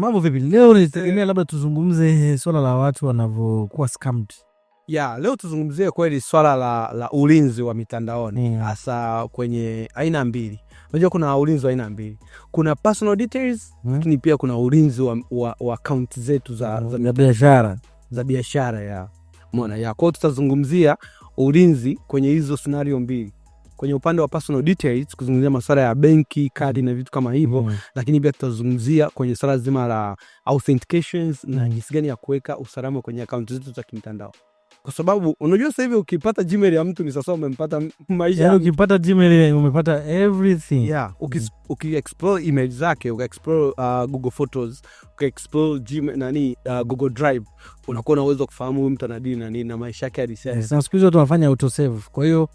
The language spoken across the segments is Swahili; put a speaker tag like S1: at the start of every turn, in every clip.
S1: Mambo vipi? Leo nilitegemea eh. labda tuzungumze swala la watu wanavyokuwa scammed.
S2: Ya, leo tuzungumzie kweli swala la, la ulinzi wa mitandaoni hasa yeah, kwenye aina mbili. Unajua kuna ulinzi wa aina mbili. Kuna personal details, hmm. lakini yeah, pia kuna ulinzi wa, wa, wa account zetu hmm, za, za biashara za biashara ya. Umeona ya. Kwa hiyo tutazungumzia ulinzi kwenye hizo scenario mbili kwenye upande wa personal details, kuzungumzia masuala ya benki, kadi na vitu kama hivyo mm. Lakini pia tutazungumzia kwenye swala zima la authentications mm. na jinsi gani ya kuweka usalama kwenye akaunti zetu za kimtandao kwa sababu unajua sasa hivi ukipata Gmail ya mtu ni sasa umempata maisha.
S1: Yaani ukipata Gmail umepata everything.
S2: Yeah, uki mm. uki explore email zake, uka explore uh, Google Photos, uka Gmail nani uh, Google Drive, unakuwa na uwezo wa kufahamu huyu mtu ana dini na nini na maisha yake halisi.
S1: Sasa siku hizo tunafanya autosave. Kwa hiyo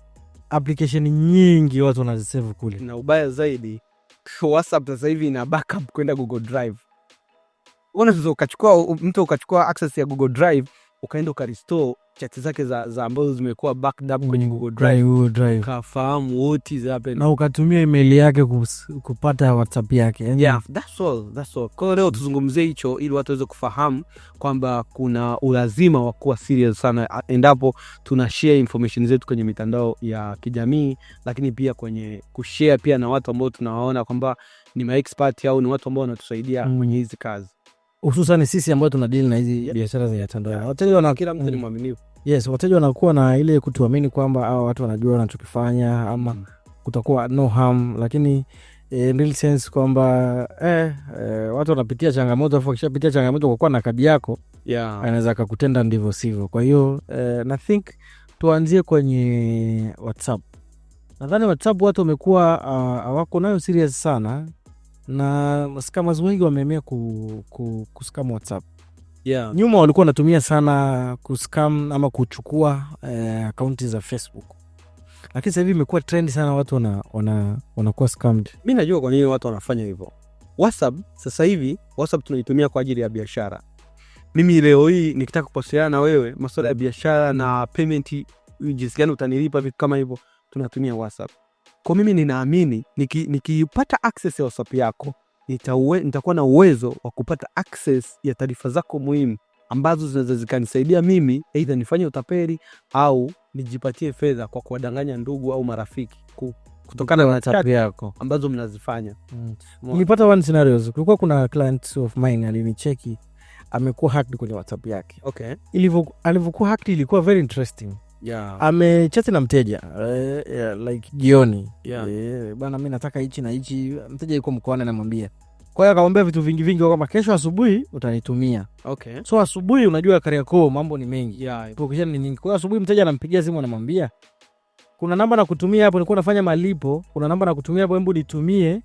S1: aplikesheni nyingi watu wanazisevu kule,
S2: na ubaya zaidi WhatsApp sasa hivi ina backup kwenda Google Drive. Unaweza ukachukua mtu ukachukua access ya Google Drive ukaenda ukarestore chati zake za, za ambazo zimekuwa backed up kwenye mm, Google Drive, Google Drive. Kafahamu what is happening
S1: na ukatumia email yake kupata WhatsApp yake
S2: Yeah, that's all, that's all. Kwa leo tuzungumzie hicho ili watu waweze kufahamu kwamba kuna ulazima wa kuwa serious sana endapo tuna share information zetu kwenye mitandao ya kijamii, lakini pia kwenye kushare pia na watu ambao tunawaona kwamba ni maexpert au ni watu ambao wanatusaidia
S1: mm. kwenye hizi kazi hususan sisi ambao dili na hizi biashara za mitandao,
S2: wateja wana kila mtu ni mm. mwaminifu.
S1: Yes, wateja wanakuwa na ile kutuamini kwamba hawa watu wanajua wanachokifanya ama mm. kutakuwa no harm, lakini eh, in real sense kwamba eh, eh, watu wanapitia changamoto, afu wakishapitia changamoto kwa kuwa na kadi yako yeah, anaweza akakutenda ndivyo sivyo. Kwa hiyo eh, na think tuanzie kwenye WhatsApp. Nadhani WhatsApp watu wamekuwa ah, hawako uh, nayo serious sana na scammers wengi wameamia ku, ku, kuskam WhatsApp. Yeah. Nyuma walikuwa wanatumia sana kuskam ama kuchukua eh, akaunti za Facebook, lakini sahivi imekuwa trend sana, watu wanakuwa wana scammed.
S2: Mi najua kwa nini watu wanafanya hivyo. WhatsApp sasa hivi, WhatsApp tunaitumia kwa ajili ya biashara. Mimi leo hii nikitaka kuwasiliana na wewe maswala ya biashara na payment, jinsi gani utanilipa, vitu kama hivyo, tunatumia WhatsApp kwa mimi ninaamini nikiipata niki access ya WhatsApp yako nitakuwa na uwezo wa kupata access ya taarifa zako muhimu ambazo zinaweza zikanisaidia mimi aidha nifanye utapeli au nijipatie fedha kwa kuwadanganya ndugu au marafiki ku,
S1: kutokana na WhatsApp yako
S2: ambazo mnazifanya. Mm.
S1: Nilipata one scenario Kulikuwa kuna client of mine alinicheki amekuwa hacked kwenye WhatsApp yake. Okay. Ilivyo alivyokuwa hacked ilikuwa very interesting yeah. amechati na mteja uh, eh, yeah, like jioni yeah. yeah, bana mi nataka hichi na hichi, mteja yuko mkoani namwambia kwa hiyo akamwambia vitu vingi vingi kwamba kesho asubuhi utanitumia. Okay. So asubuhi unajua Kariakoo mambo ni mengi. Yeah. Provision ni nyingi. Kwa asubuhi mteja anampigia simu anamwambia kuna namba nakutumia hapo, nilikuwa nafanya malipo, kuna namba nakutumia hapo, hebu nitumie,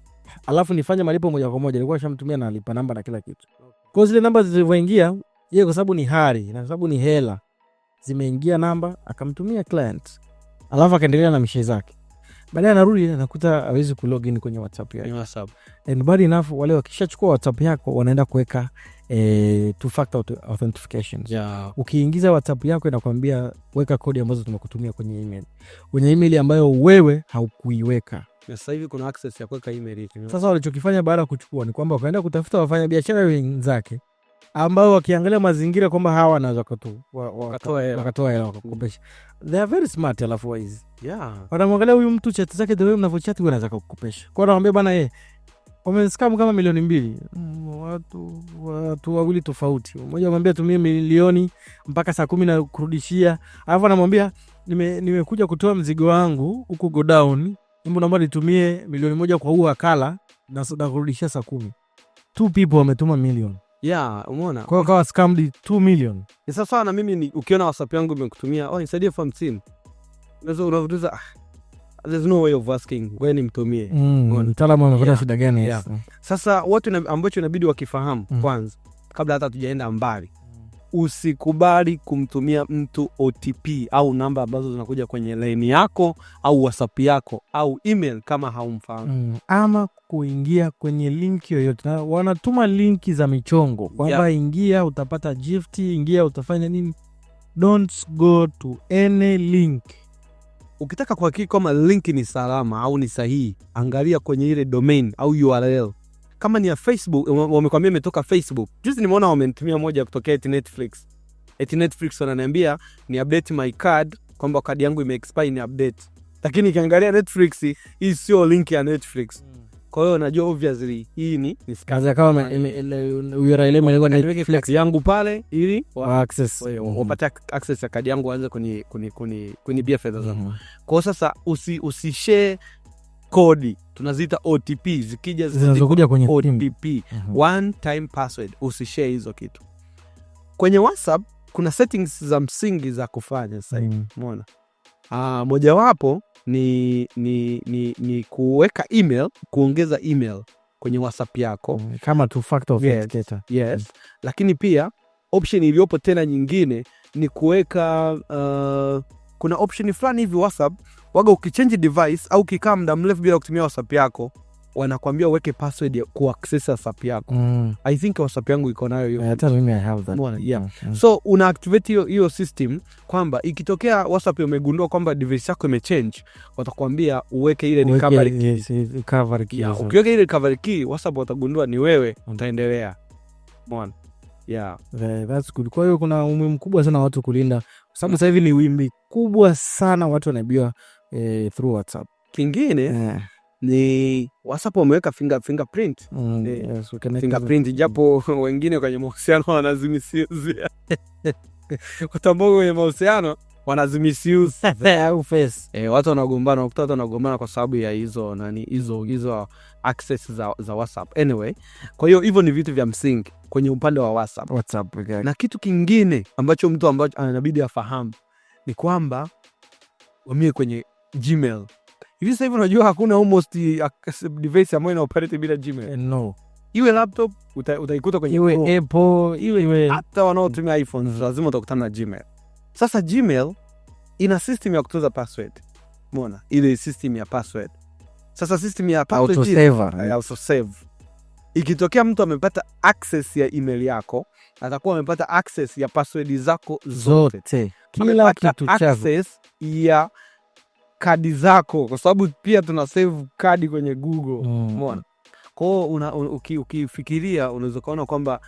S1: alafu nifanye malipo moja kwa moja. Nilikuwa shamtumia na lipa namba na kila kitu. okay. kwao zile namba zilivyoingia, ye kwa sababu ni hari na kwa sababu ni hela zimeingia namba akamtumia client, alafu akaendelea na mishe zake. baadae anarudi anakuta awezi kulogin kwenye WhatsApp yake. WhatsApp. And bad enough wale wakishachukua WhatsApp yako wanaenda kuweka e, eh, two factor authentication. Yeah. Ukiingiza WhatsApp yako inakwambia weka kodi ambazo tumekutumia kwenye email. Kwenye email ambayo wewe haukuiweka.
S2: Sasa hivi kuna access ya kuweka email.
S1: Sasa walichokifanya baada ya kuchukua ni kwamba wakaenda kutafuta wafanyabiashara wenzake ambao wakiangalia mazingira kwamba hawa wanaweza
S2: wakatoa
S1: hela wakakukopesha. Mm. They are very smart. Alafu yeah. wanamwangalia huyu mtu chati zake, the way mnavochati huyu anaweza kakukopesha kwao, nawambia bana ye eh, wameskam kama milioni mbili mm, watu watu wawili tofauti, mmoja amwambia tumie milioni mpaka saa kumi na kurudishia, alafu anamwambia nimekuja nime kutoa mzigo wangu huku godown, naomba nitumie milioni moja kwa huu wakala na kurudishia saa kumi. Two people wametuma milioni
S2: Yeah, umeona?
S1: Kwa kawa scammed 2 million.
S2: Ni sawa sana mimi ni, ukiona WhatsApp yangu imekutumia, "Oh, nisaidie elfu hamsini." Unaweza unavuliza, "Ah, there's no way of asking." Wewe ni mtumie.
S1: Mm, mtaalamu amepata shida gani?
S2: Sasa watu ambacho inabidi wakifahamu mm. kwanza kabla hata tujaenda mbali usikubali kumtumia mtu OTP au namba ambazo zinakuja kwenye laini yako au WhatsApp yako au email kama haumfahamu
S1: mm, ama kuingia kwenye linki yoyote. Wanatuma linki za michongo kwamba yeah, ingia utapata gift, ingia utafanya nini. Don't go to any link.
S2: Ukitaka kuhakiki kwamba linki ni salama au ni sahihi, angalia kwenye ile domain au URL kama ni ya Facebook wamekwambia imetoka Facebook. Juzi nimeona wamenitumia moja kutokea eti Netflix. eti Netflix wananiambia ni update my card kwamba kadi yangu ime expire ni update. Lakini ikiangalia Netflix hii sio link ya Netflix. Kwa hiyo najua obviously hii ni
S1: kaza kama URL ile oh,
S2: ni Netflix yangu pale ili
S1: wa access
S2: wapate access ya kadi yangu waanze kuni kuni kuni kunibia fedha zangu. Mhm. Kwa sasa usi usishare kodi tunaziita OTP zikija
S1: zinazokuja kwenye
S2: OTP, mhm. one time password, usishare hizo kitu kwenye WhatsApp. Kuna settings za msingi za kufanya sasa hivi mhm. umeona. Ah, mojawapo ni, ni, ni, ni kuweka email, kuongeza email kwenye WhatsApp yako mhm,
S1: kama two factor
S2: authenticator. Yes, yes. Mm. Lakini pia option iliyopo tena nyingine ni kuweka uh, kuna option fulani hivi WhatsApp waga, ukichange device au ukikaa muda mrefu bila kutumia WhatsApp yako wanakwambia uweke password ya kuaccess WhatsApp yako. Mm. I think WhatsApp yangu iko nayo hiyo.
S1: Eh, hata mimi I have that.
S2: Yeah. yeah. Mm. So una activate hiyo hiyo system kwamba ikitokea WhatsApp imegundua kwamba device yako imechange, watakwambia uweke ile recovery
S1: key. Yes, recovery key.
S2: Yeah, ukiweka ile recovery key WhatsApp watagundua ni wewe, utaendelea. Umeona? Yeah.
S1: Yeah, that's good. Kwa hiyo kuna umuhimu mkubwa sana watu kulinda sababu sasa hivi ni wimbi kubwa sana watu wanaibiwa eh, through WhatsApp.
S2: Kingine yeah. Ni WhatsApp wameweka finger, fingerprint mm, yes, fingerprint japo wengine kwenye mahusiano kwa kutambua kwenye mahusiano wanazimisuse eh, wanagombana, wakuta watu wanagombana kwa sababu ya hizo nani hizo hizo access za, za WhatsApp. Anyway, kwa hiyo hivyo ni vitu vya msingi kwenye upande wa WhatsApp. WhatsApp okay. Na kitu kingine ambacho mtu ambacho anabidi afahamu ni kwamba wamie kwenye Gmail hivi sasa hivi, unajua hakuna almost device ambayo ina bila Gmail. Eh, no, iwe laptop utaikuta kwenye
S1: iwe Apple, iwe
S2: hata wanaotumia iPhones lazima utakutana na Gmail. Sasa Gmail ina system ya kutunza password. mona Ile system ya password. Sasa system ya autosave. Eh? Eh, Ikitokea mtu amepata access ya email yako, atakuwa amepata access ya password zako zote. Zote. Kila kitu Access ya kadi zako kwa sababu pia tuna save kadi kwenye Google. Mm. Umeona? Mm. Kwao una, ukifikiria uki unaweza ukaona kwamba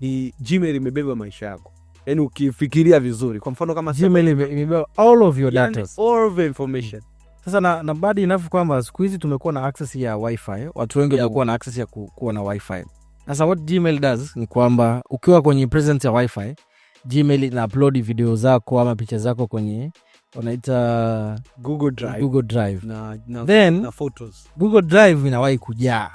S2: ni Gmail imebeba maisha yako yani ukifikiria vizuri, kwa mfano kama
S1: Gmail imebeba all of your yaani data,
S2: all of information.
S1: Sasa na, na badi inafu kwamba siku hizi tumekuwa na access ya wifi, watu wengi wamekuwa na access ya kuwa na wifi. Sasa what Gmail does ni kwamba ukiwa kwenye presence ya wifi, Gmail ina upload video zako ama picha zako kwenye wanaita
S2: Google Drive.
S1: Google Drive. Na, na, then na photos. Google Drive inawahi kujaa.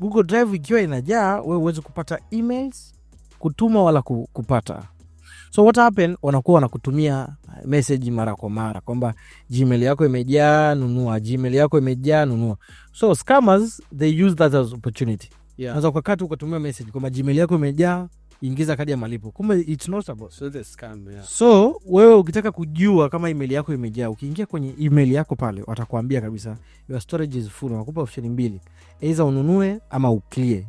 S1: Google Drive ikiwa inajaa, wewe uweze kupata emails kutuma wala kupata. So what happen, wanakuwa wanakutumia uh, meseji mara kwa mara kwamba Gmail yako imejaa, nunua. Gmail yako imejaa, nunua. So scammers they use that as opportunity. Yeah. Unaweza kwakati ukatumia meseji kwamba Gmail yako imejaa, ingiza kadi ya malipo. Kumbe it's not about.
S2: So scam, yeah.
S1: So wewe ukitaka kujua kama email yako imejaa, ukiingia kwenye email yako pale watakuambia kabisa your storage is full. Wanakupa option mbili, either ununue ama uklie.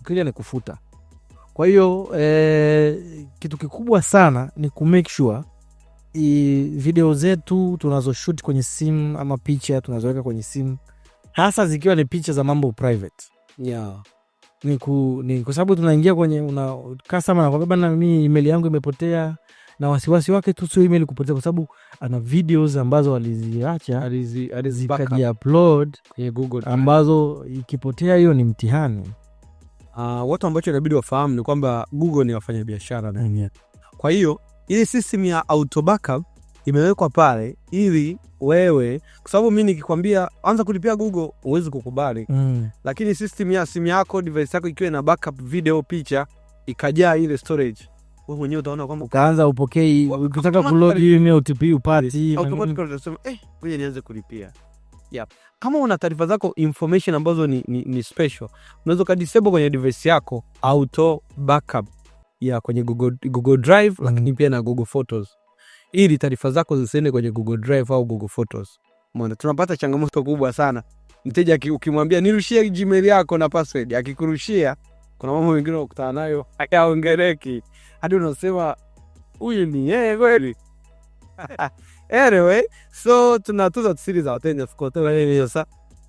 S1: Uklie ni kufuta kwa hiyo eh, kitu kikubwa sana ni ku make sure i video zetu tunazoshoot kwenye simu ama picha tunazoweka kwenye simu, hasa zikiwa ni picha za mambo private yeah. Ni ku, ni kwa sababu tunaingia kwenye una customer anakuambia bana, mimi email yangu imepotea, na wasiwasi wake tu sio email kupotea, kwa sababu ana videos ambazo aliziacha
S2: alizi, alizi
S1: zikaji upload kwenye Google ambazo ikipotea hiyo ni mtihani
S2: uh, watu ambacho inabidi wafahamu ni kwamba Google ni wafanya biashara na wenyewe. Kwa hiyo ile system ya auto backup imewekwa pale ili wewe, kwa sababu mi nikikwambia anza kulipia Google uwezi kukubali mm. Lakini system ya simu yako device yako ikiwa ina backup video, picha ikajaa ile storage
S1: wewe mwenyewe utaona kwamba utaanza upokei, ukitaka kulog ile OTP upati,
S2: automatically utasema eh, ngoja nianze kulipia yep kama una taarifa zako information ambazo ni, ni, ni special unaweza ukadisable kwenye device yako auto backup ya kwenye Google, Google Drive mm. lakini pia na Google Photos ili taarifa zako zisiende kwenye Google Drive au Google Photos. Mbona tunapata changamoto kubwa sana mteja ukimwambia nirushie Gmail yako na password, akikurushia kuna mambo mengine unakutana nayo hayaongeleki, hadi unasema huyu ni yeye kweli? Anyway, so tunatuza siri za wateja of course, kama hivi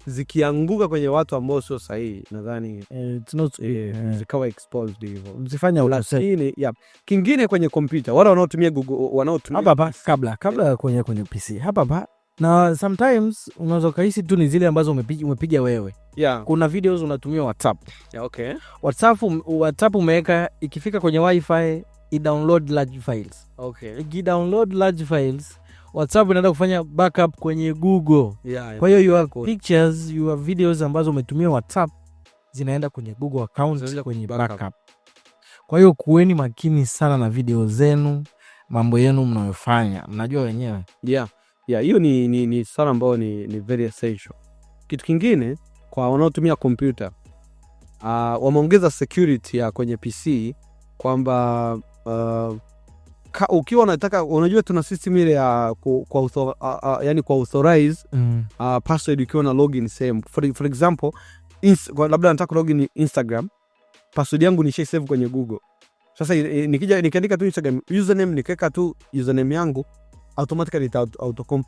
S2: zikianguka kwenye watu ambao sio sahihi, nadhani eh, eh, zikawa exposed hivyo, msifanye ulasa. Yep. Kingine kwenye kompyuta, wale wanaotumia Google, wanaotumia
S1: hapa hapa, kabla kabla kwenye kwenye PC hapa hapa na sometimes unaweza ukahisi tu ni zile ambazo umepiga wewe yeah. Kuna videos unatumia WhatsApp yeah, okay. WhatsApp, um, WhatsApp umeweka ikifika kwenye wifi i download large files okay. Iki download large files WhatsApp inaenda kufanya backup kwenye Google. Yeah, kwa hiyo your pictures, your videos ambazo umetumia WhatsApp zinaenda kwenye Google account kwenye backup. Kwa hiyo kuweni makini sana na video zenu, mambo yenu mnayofanya, mnajua wenyewe.
S2: Yeah. Yeah, hiyo ni, ni, ni sana ambayo ni, ni very essential. Kitu kingine kwa wanaotumia kompyuta uh, wameongeza security ya kwenye PC kwamba uh, ka, ukiwa unataka unajua tuna system ile ya kwa uh, yani kwa authorize mm. uh, password ukiwa na login same for, for example ins, labda nataka login Instagram password yangu nisha save kwenye Google. Sasa nikija nikiandika tu Instagram username nikaweka tu username yangu automatically ita autocomp.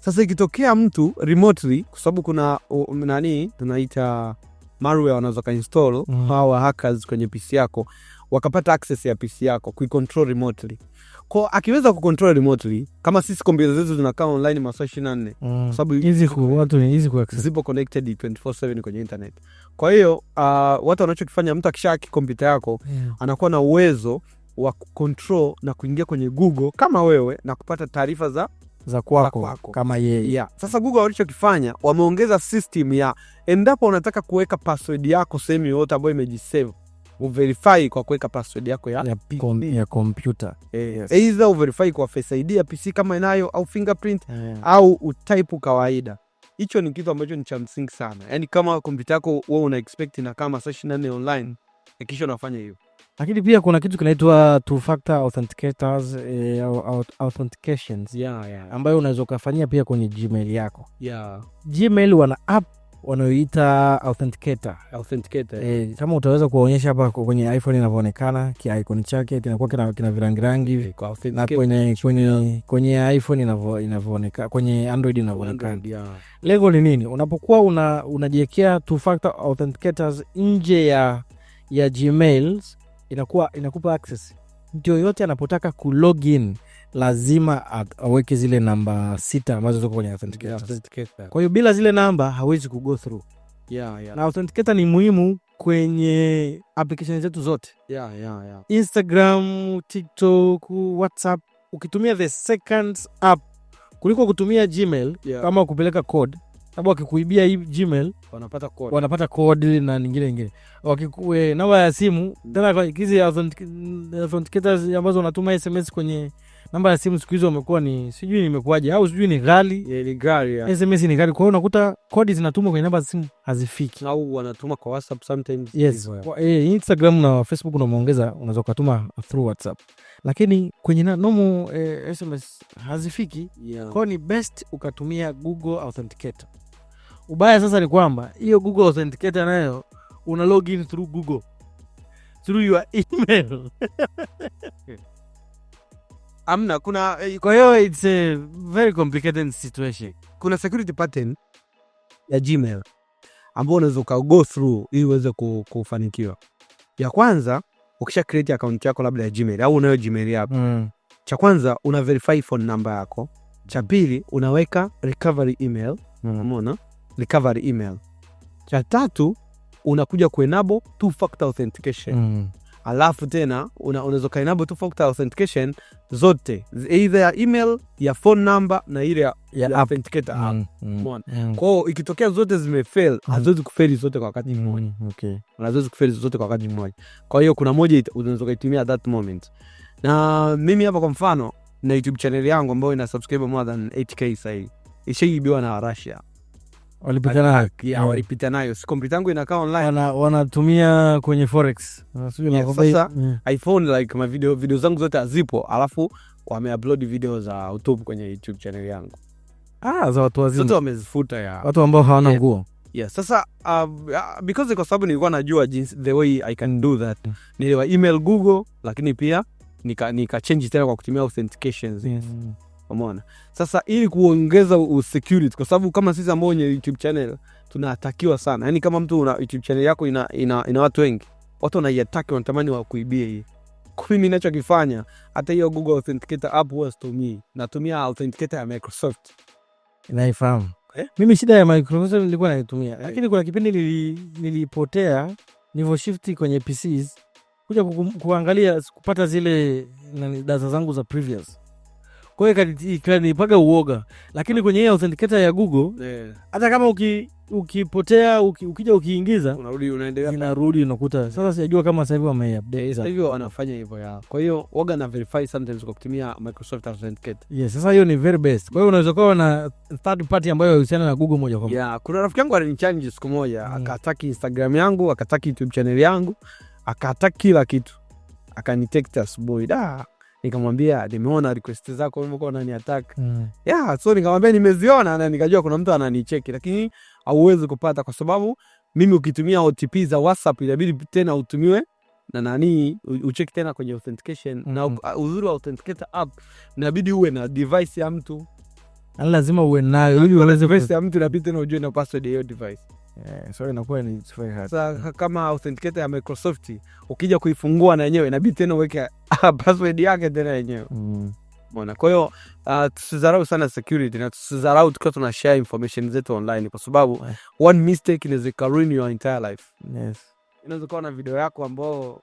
S2: Sasa ikitokea mtu remotely kwa sababu kuna nani tunaita malware wanaweza kainstall mm. hawa hackers kwenye PC yako wakapata access ya PC yako kuicontrol remotely. Kwa akiweza kucontrol remotely, kama sisi kompyuta zetu zinakaa online masaa 24
S1: mm. kwa sababu hizi ku watu ni hizi ku access
S2: zipo connected 24/7 kwenye internet. Kwa hiyo uh, watu wanachokifanya, mtu akisha akishaki kompyuta yako yeah. anakuwa na uwezo wa kucontrol na kuingia kwenye Google kama wewe na kupata taarifa za
S1: za kwako, kwako kama yeye
S2: yeah. Sasa Google walichokifanya wameongeza system ya endapo unataka kuweka password yako sehemu yoyote ambayo imejisave uverify kwa kuweka password yako ya
S1: ya, kom, ya computer
S2: eh, yes. Either uverify kwa Face ID ya PC kama inayo au fingerprint yeah. Au utype kawaida. Hicho ni kitu ambacho ni cha msingi sana, yaani kama kompyuta yako wewe una expect na kama saa 24 online, hakikisha unafanya hiyo
S1: lakini pia kuna kitu kinaitwa two factor authenticators eh, authentications yeah, yeah. ambayo unaweza ukafanyia pia kwenye Gmail yako yeah. Gmail wana app wanayoita authenticator.
S2: Authenticator,
S1: eh, yeah. kama utaweza kuwaonyesha hapa kwenye iPhone inavyoonekana kiaikoni chake kinakuwa kina, kina virangirangi hivi eh, na kwenye, kwenye, kwenye iPhone inavyoonekana kwenye Android inavyoonekana yeah. Lengo ni nini? Unapokuwa unajiwekea two factor authenticators nje ya, ya Gmails inakuwa inakupa access. Mtu yoyote anapotaka kulogin lazima aweke zile namba sita ambazo ziko kwenye authenticator. Kwa hiyo bila zile namba hawezi kugo through. Yeah, yeah. Na authenticator ni muhimu kwenye application zetu zote.
S2: Yeah, yeah, yeah.
S1: Instagram, TikTok, WhatsApp ukitumia the second app kuliko kutumia Gmail yeah. Kama kupeleka code sababu wakikuibia hii Gmail
S2: wanapata code,
S1: wanapata code na nyingine nyingine. Wakikuwe namba ya simu tena, kizi authenticators ambazo wanatuma SMS kwenye namba ya simu siku hizo wamekuwa ni sijui nimekuaje, au sijui ni ghali,
S2: ni ghali,
S1: SMS ni ghali. Kwa hiyo unakuta kodi zinatumwa kwenye namba za simu hazifiki,
S2: au wanatuma kwa WhatsApp sometimes.
S1: Yes, kwa eh, Instagram na Facebook unameongeza umeongeza, unaweza kutuma through WhatsApp, lakini kwenye nomo eh, SMS hazifiki. yeah. Kwao ni best ukatumia Google Authenticator. Ubaya sasa ni kwamba hiyo Google Authenticator nayo una login through Google through your email
S2: amna kuna eh, kwa hiyo it's a very complicated situation. Kuna security pattern ya Gmail ambao unaweza ka go through ili uweze kufanikiwa. Ya kwanza ukisha create account yako labda ya Gmail au unayo Gmail yako mm. Cha kwanza una verify phone number yako, cha pili unaweka recovery email mm. Umeona recovery email. Cha tatu unakuja kuenable two factor authentication mm. Alafu tena unaweza ukaenable two factor authentication zote either ya email ya phone number na ile ya, ya authenticator mm, mm, mm. Kwao ikitokea zote zimefail mm. haziwezi kufeli zote kwa wakati
S1: mm, mmoja mm, okay.
S2: Haziwezi kufeli zote kwa wakati mmoja, kwa hiyo kuna moja unaweza ukaitumia at that moment. Na mimi hapa kwa mfano na YouTube channel yangu ambayo ina subscriber more than 8k sahii ishaibiwa na Russia
S1: walipitana hayo ya walipitana nayo kompyuta yangu inakaa online, wana wanatumia kwenye forex.
S2: Sasa iPhone like video zangu zote hazipo, alafu wameupload video za YouTube kwenye YouTube channel yangu,
S1: ah, za watu wazima.
S2: Sasa wamezifuta ya
S1: watu ambao hawana nguo.
S2: Yeah, sasa uh, because kwa sababu nilikuwa najua jinsi the way I can do that, niliwa email Google, lakini pia nika nika change tena kwa kutumia authentications. Yes. Umeona? Sasa ili kuongeza security kwa sababu kama sisi ambao wenye YouTube channel tunatakiwa sana. yani kama mtu una YouTube channel yako ina, ina, ina watu wengi, watu wanaiataki, wanatamani wakuibie hii. Kwa mimi ninachokifanya hata hiyo Google Authenticator app huwa situmii. Natumia authenticator ya Microsoft.
S1: Naifahamu. Eh? Mimi shida ya Microsoft nilikuwa naitumia. Eh. Lakini kuna kipindi nilipotea nilivyo shift kwenye PCs kuja kuangalia kupata zile data zangu za previous kwa hiyo ikanipaga uoga, lakini kwenye hii authenticator ya Google eh. hata yeah, kama uki, ukipotea uki, ukija ukiingiza
S2: unarudi unaendelea,
S1: inarudi unakuta. Sasa sijajua kama sasa hivi wame update,
S2: sasa hivi wanafanya hivyo ya. Kwa hiyo waga na verify sometimes kwa kutumia Microsoft Authenticator.
S1: Yes, sasa hiyo ni very best. Kwa hiyo unaweza kuwa na third party ambayo inahusiana na Google moja kwa
S2: moja. Yeah, kuna rafiki yangu alinichallenge siku moja, mm, akataki Instagram yangu, akataki YouTube channel yangu, akataki kila kitu. Akanitake asubuhi da nikamwambia nimeona request zako umekuwa unani mm. yeah, so nikamwambia nimeziona na nikajua kuna mtu ananicheki, lakini hauwezi kupata kwa sababu mimi ukitumia OTP za WhatsApp inabidi tena utumiwe na nani ucheki tena kwenye authentication mm -hmm. na uzuri wa authenticator app inabidi uwe na device ya mtu,
S1: lazima uwe nayo
S2: ili uweze device ya mtu inabidi tena ujue na password ya hiyo device
S1: so inakuwa ni
S2: sasa, kama authenticator ya Microsoft ukija kuifungua na yenyewe inabidi tena uweke password yake tena yenyewe Mona, mm. kwa hiyo uh, tusidharau sana security na tusidharau tukiwa tuna share information zetu online, kwa sababu eh. one mistake inaweza ka your entire life. Yes, inaweza kuwa na video yako ambao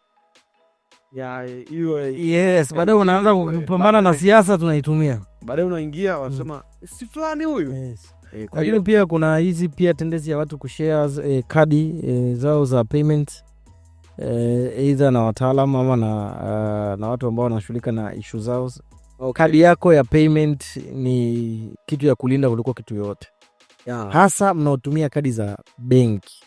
S1: ya hiyo yes, eh. baadaye unaanza eh, kupambana na siasa tunaitumia,
S2: baadaye unaingia wanasema mm. si fulani huyu
S1: yes. Eh, Lakini pia kuna hizi pia tendezi ya watu kushare e, eh, kadi e, zao za payment eidha na wataalam ama na, uh, na watu ambao wanashughulika na ishu zao oh, okay. Kadi yako ya payment ni kitu ya kulinda kuliko kitu yoyote yeah. Hasa mnaotumia kadi za benki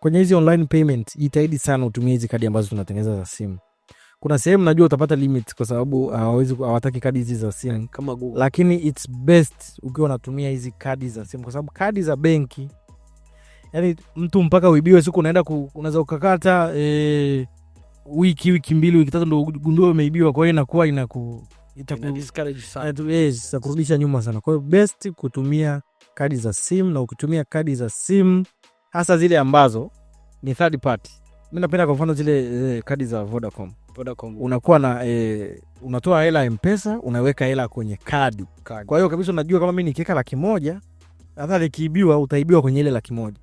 S1: kwenye hizi online payment, jitahidi sana utumie hizi kadi ambazo tunatengeneza za simu kuna sehemu najua utapata limit kwa sababu uh, hawawezi hawataki kadi hizi za simu kama Google, lakini it's best ukiwa unatumia hizi kadi za simu, kwa sababu kadi za benki yani mtu mpaka uibiwe siku unaenda unaweza ukakata eh, wiki wiki mbili wiki tatu ndo ugundue umeibiwa. Kwa hiyo inakuwa inaku itakurudisha eh, nyuma sana. Kwa hiyo best kutumia kadi za simu, na ukitumia kadi za simu hasa zile ambazo ni third party. mi napenda kwa mfano zile eh, kadi za Vodacom unakuwa na e, unatoa hela ya Mpesa unaweka hela kwenye kadi. Kwa hiyo kabisa unajua kama mi nikiweka laki moja hata likiibiwa utaibiwa kwenye ile laki moja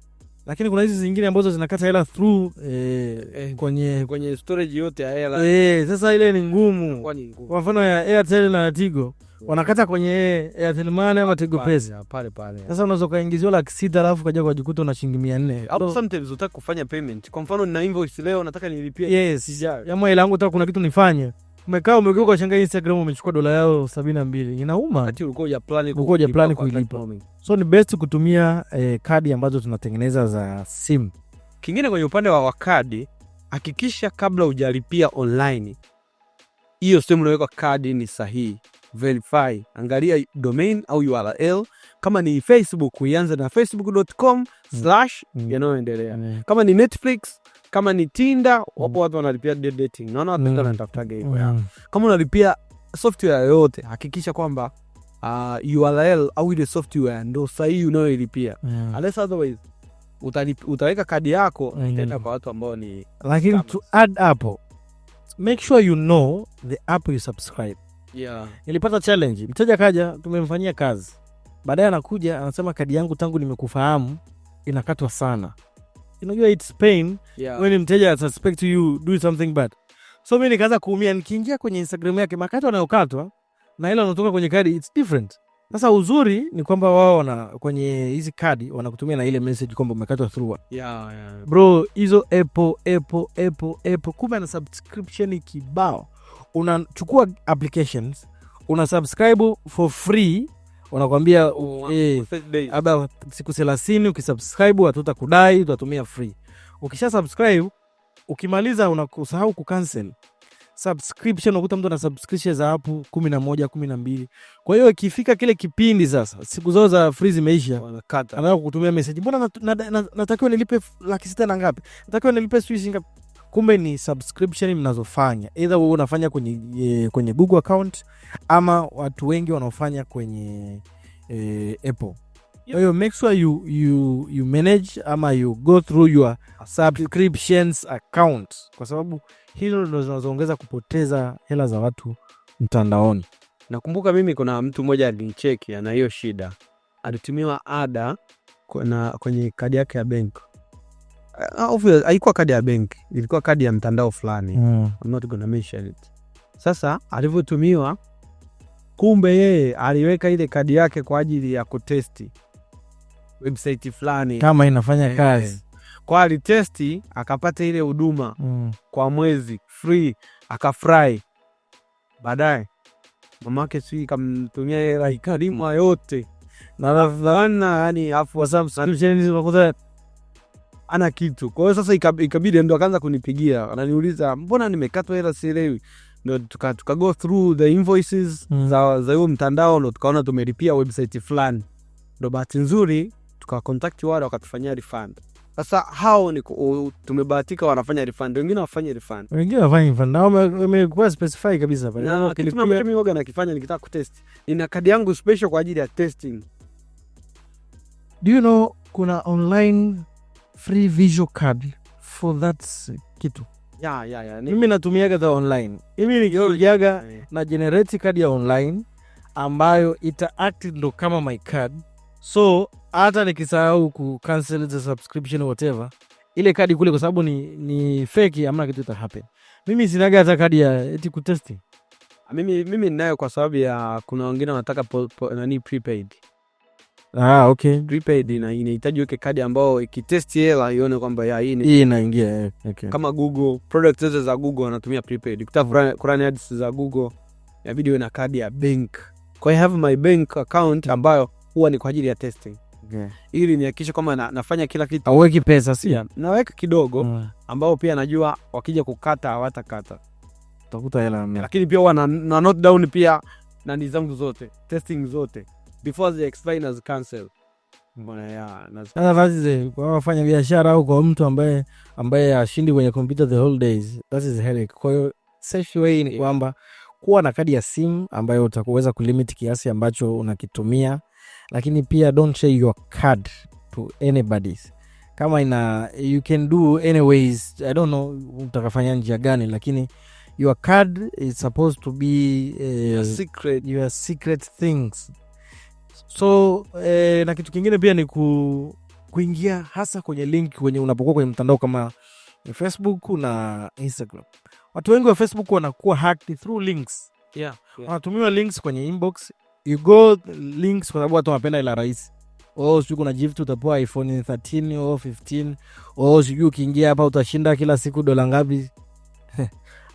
S1: lakini kuna hizi zingine ambazo zinakata hela through e, e, kwenye,
S2: kwenye storage yote ya hela.
S1: E, sasa ile ni ngumu. Kwa mfano ya Airtel na Tigo wanakata kwenye Airtel Money ama Tigo Pesa pale pale. Sasa unaweza ukaingiziwa laki sita alafu kaja kujikuta una shilingi mia nne.
S2: Au sometimes unataka kufanya payment. Kwa mfano nina invoice leo nataka nilipie.
S1: Yes, jamaa hela yangu nataka kuna kitu nifanye. Umekaa umegeuka shanga Instagram umechukua dola yao sabini na mbili. Inauma. Ati ulikuwa hujaplani kuilipa. So ni best kutumia eh, kadi ambazo tunatengeneza za simu.
S2: Kingine kwenye upande wa wakadi, hakikisha kabla ujalipia online hiyo sehemu unaweka kadi ni sahihi verify. Angalia domain au URL. Kama ni Facebook, uianze na facebook.com slash mm. yanayoendelea. Mm. Kama ni Netflix, kama ni Tinder, mm. wapo watu wanalipia dating. Naona watu wengi wanatafutaga hivyo. Kama unalipia software yoyote, hakikisha kwamba uh, ah, URL au ile software ndo sahihi unayoilipia. Unless otherwise utaweka kadi yako itaenda kwa watu ambao ni,
S1: lakini to add hapo, make sure you know the app you subscribe yeah. Nilipata challenge, mteja kaja, tumemfanyia kazi, baadaye anakuja anasema kadi yangu tangu nimekufahamu inakatwa sana. Unajua it's pain yeah. When mteja suspect you do something bad, so mi nikaanza kuumia, nikiingia kwenye Instagram yake makato anayokatwa na ile anatoka kwenye kadi it's different. Sasa uzuri ni kwamba wao wana kwenye hizi kadi wanakutumia na ile message kwamba umekatwa thrua
S2: yeah, yeah.
S1: Bro hizo epo epo epo epo, kumbe ana subscription kibao unachukua applications una subscribe for free, unakwambia oh, eh, labda uh, eh, siku 30 ukisubscribe kudai utatumia free. Ukisha subscribe ukimaliza unakusahau kucancel subscription, unakuta mtu ana subscription za hapo na mbili Kwa hiyo ikifika kile kipindi sasa siku zao za free zimeisha, anataka kutumia message, mbona natakiwa nilipe laki sita na ngapi, natakiwa nilipe shilingi ngapi kumbe ni subscription mnazofanya either wewe unafanya kwenye, e, kwenye Google account ama watu wengi wanaofanya kwenye e, Apple. Kwa hiyo make sure you, you, you manage ama you go through your subscriptions account, kwa sababu hilo ndo zinazoongeza kupoteza hela za watu mtandaoni.
S2: Nakumbuka mimi kuna mtu mmoja alinicheki ana hiyo shida, alitumiwa ada kwenye kadi yake ya benki Ah, obvious, haikuwa kadi ya benki, ilikuwa kadi ya mtandao fulani mm. I'm not gonna mention it. Sasa alivyotumiwa, kumbe yeye aliweka ile kadi yake kwa ajili ya kutesti website fulani
S1: kama inafanya eh, kazi eh.
S2: Kwa alitesti akapata ile huduma mm. kwa mwezi free, akafurahi. Baadaye mamake sijui kamtumia hela ikarimu hmm. yote na nadhani yani afu ana kitu. Kwa hiyo sasa ikabidi ndo akaanza kunipigia, ananiuliza mbona nimekatwa hela sielewi. Ndo tuka, tuka go through the invoices mm. za za huo mtandao ndo tukaona tumelipia website fulani, ndo bahati nzuri tuka contact wale wakatufanyia refund. Sasa hao ni tumebahatika, wanafanya refund, wengine wafanye refund,
S1: wengine wafanye refund, na wamekuwa specify kabisa
S2: pale. Na kitu ambacho mimi huwa nakifanya nikitaka kutest, nina kadi yangu special kwa ajili ya testing.
S1: Do you know kuna online free visual card for that kitu mimi natumiaga the online jaga eh. na generati kadi ya online ambayo ita act ndo kama my card, so hata nikisahau ku cancel the subscription whatever ile kadi kule, kwa sababu ni, ni feki amna kitu ita happen. Mimi sinaga hata kadi ya eti kutesti
S2: ah, mimi, mimi ninayo kwa sababu ya kuna wengine wanataka nani prepaid
S1: Ah, okay.
S2: Prepaid ina inahitaji uweke kadi ambayo ikitest hela ione kwamba ya hii
S1: hii inaingia. Eh, okay.
S2: Kama Google products zote za Google wanatumia prepaid. Kutaka kurani ads za Google inabidi uwe na kadi ya bank. Kwa hiyo have my bank account ambayo huwa ni kwa ajili ya testing. Okay. Ili nihakikishe kwamba na, nafanya kila kitu.
S1: Auweki pesa si?
S2: Naweka kidogo mm, ambao pia najua wakija kukata hawatakata. Utakuta hela. Lakini pia huwa na, na note down pia na nidhamu zote, testing zote before the expires cancel.
S1: sasa basi wafanya biashara au kwa mtu ambaye ambaye ashindi kwenye kompyuta the whole days, that is headache. Kwa hiyo safe way ni kwamba kuwa na kadi ya simu ambayo utaweza kulimit kiasi ambacho unakitumia, lakini pia don't share your card to anybody kama ina you can do anyways, I don't know utakafanya njia gani, lakini your card is supposed to be uh, eh,
S2: your secret,
S1: your secret things So eh, na kitu kingine pia ni ku, kuingia hasa kwenye link kwenye unapokuwa kwenye mtandao kama Facebook na Instagram. Watu wengi wa Facebook wanakuwa hacked through links. Yeah, yeah. Wanatumiwa links kwenye inbox. You go links kwa sababu watu wanapenda ila rahisi. Oh, sijui kuna gift utapewa iPhone 13 au 15. Oh, sijui ukiingia hapa utashinda kila siku dola ngapi?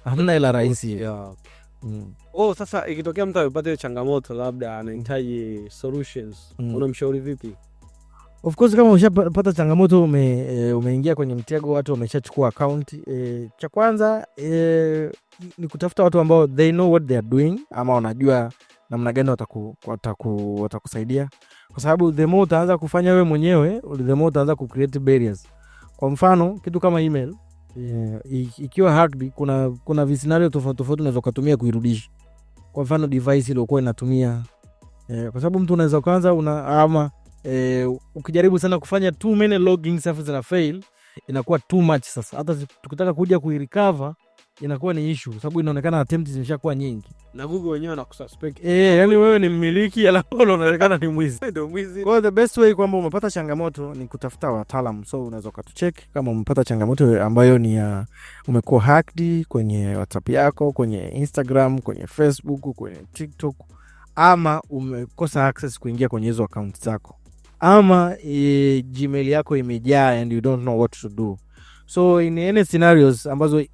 S1: Hamna ila rahisi. Yeah mm.
S2: Oh, sasa ikitokea mtu amepata hiyo changamoto, labda anahitaji solutions mm. unamshauri vipi?
S1: Of course kama ushapata changamoto ume, e, umeingia kwenye mtego, watu wameshachukua akaunti e, eh, cha kwanza e, ni kutafuta watu ambao they know what they are doing, ama wanajua namna gani watakusaidia wataku, wataku kwa sababu the more utaanza kufanya wewe mwenyewe, the more utaanza kucreate barriers. Kwa mfano kitu kama email Yeah. Ikiwa hard kuna, kuna visinario tofauti tofauti unaweza ukatumia kuirudisha. Kwa mfano device iliokuwa inatumia eh, kwa sababu mtu unaweza kwanza una ama eh, ukijaribu sana kufanya too many logging safu zina fail inakuwa too much. Sasa hata tukitaka kuja kuirecover inakuwa ni ishu sababu inaonekana attempt zimeshakuwa nyingi
S2: na Google wenyewe wanakususpect.
S1: Eh, yani wewe ni mmiliki alafu unaonekana ni mwizi. Ndio mwizi. Kwa the best way kwamba umepata changamoto ni kutafuta wataalamu. So unaweza ukatucheck kama umepata changamoto ambayo ni ya uh, umekuwa hacked kwenye WhatsApp yako, kwenye Instagram, kwenye Facebook, kwenye TikTok ama umekosa access kuingia kwenye hizo account zako ama e, Gmail yako imejaa and you don't know what to do. So in any scenarios ambazo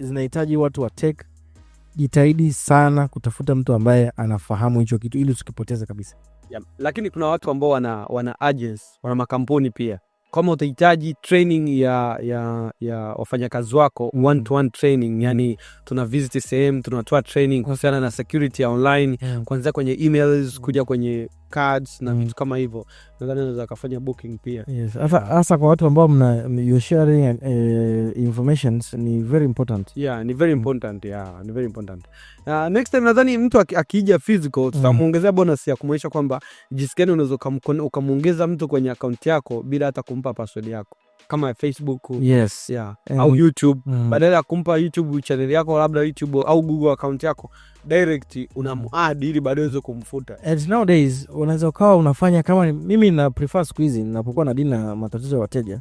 S1: zinahitaji watu wa tech, jitahidi sana kutafuta mtu ambaye anafahamu hicho kitu ili usikipoteze kabisa.
S2: Yeah, lakini kuna watu ambao wana, wana agents, wana makampuni pia. Kama utahitaji training ya, ya, ya wafanyakazi wako one to one training, yani tuna visit sehemu tunatoa training kuhusiana na security ya online, kuanzia kwenye emails mm-hmm. kuja kwenye cards na mm. vitu mm. kama hivyo, nadhani naweza kafanya booking pia.
S1: hasa Yes, kwa watu ambao mna you sharing uh, informations ni very important.
S2: Yeah, ni very mm. important. mm. Yeah, ni very important. Uh, next time nadhani mtu akija physical mm. tutamuongezea mm. bonus ya kumwonyesha kwamba jinsi gani unaweza ukamuongeza mtu kwenye akaunti yako bila hata kumpa password yako kama Facebook yes. Yeah. au YouTube mm. Badala ya kumpa YouTube channel yako labda YouTube au Google account yako direct unamuadi ili baadaye uweze kumfuta.
S1: And nowadays unaweza ukawa unafanya kama mimi na prefer siku hizi ninapokuwa na dini na matatizo ya wateja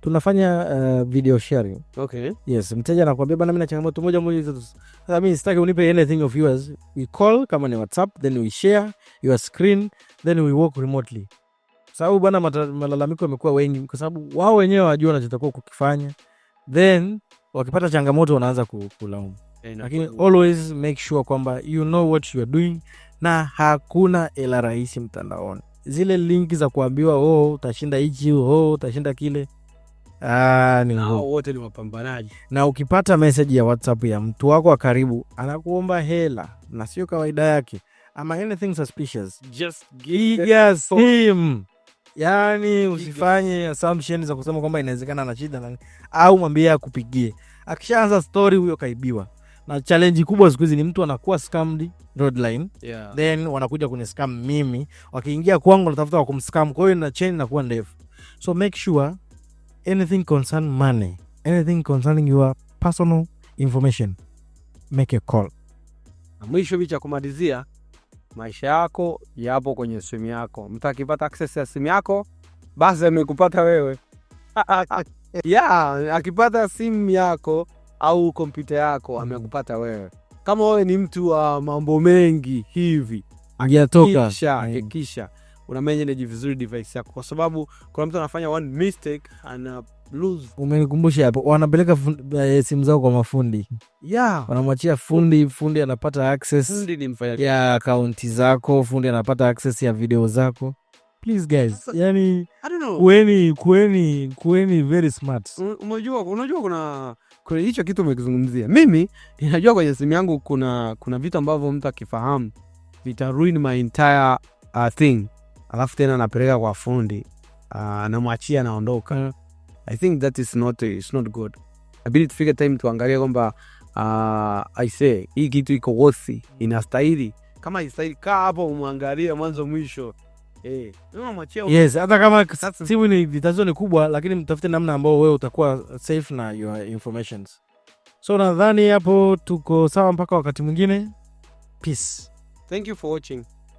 S1: tunafanya uh, video sharing. Okay. Yes, mteja anakuambia bana, mimi na changamoto moja moja hizo. Sasa mimi sitaki unipe anything of yours. We call kama ni WhatsApp then we share your screen then we work remotely sababu bwana, malalamiko yamekuwa wengi kwa sababu wao wenyewe wajua wanachotakiwa kukifanya, then wakipata changamoto wanaanza kulaumu, eh, lakini always make sure kwamba you know what you are doing, na hakuna hela rahisi mtandaoni. Zile linki za kuambiwa o oh, utashinda hichi o oh, utashinda kile ah, ni
S2: wote ni wapambanaji. Na ukipata meseji ya WhatsApp ya mtu wako wa karibu anakuomba hela na sio kawaida yake ama anything suspicious, just give him yani usifanye assumption za kusema kwamba inawezekana ana shida au mwambie akupigie. Akishaanza story huyo kaibiwa. Na challenge kubwa siku hizi ni mtu anakuwa scammed roadline. Yeah. Then wanakuja kwenye scam mimi. Wakiingia kwangu natafuta wa kumscam. Kwa hiyo na chain inakuwa ndefu. So make sure anything concern money, anything concerning your personal information, make a call. Na mwisho vicha kumalizia maisha yako yapo kwenye simu yako. Mtu akipata access ya simu yako, basi amekupata wewe yeah, akipata simu yako au kompyuta yako mm. amekupata wewe. Kama wewe ni mtu wa uh, mambo mengi hivi, akiyatoka mm. hakikisha una manage vizuri device yako, kwa sababu kuna mtu anafanya one mistake ana lose. Umenikumbusha hapo, wanapeleka uh, simu zao kwa mafundi yeah. Wanamwachia fundi, fundi anapata access ya akaunti zako, fundi anapata access ya video zako. Please guys, yani kueni kueni kueni very smart. Unajua, unajua kuna kuna hicho kitu umekizungumzia. Mimi ninajua kwenye simu yangu kuna kuna vitu ambavyo mtu akifahamu vita ruin my entire uh, thing, alafu tena napeleka kwa fundi uh, anaondoka yeah uh, I think that is not, it's not good. abidi tufike time tuangalie kwamba uh, I say hii kitu iko wosi, inastahili kama istahili kaa hapo umwangalie mwanzo mwisho. Eh, yes, hata kama simu ni tatizo ni kubwa, lakini mtafute namna ambao wewe utakuwa safe na your informations. So nadhani hapo tuko sawa mpaka wakati mwingine. Peace. Thank you for watching.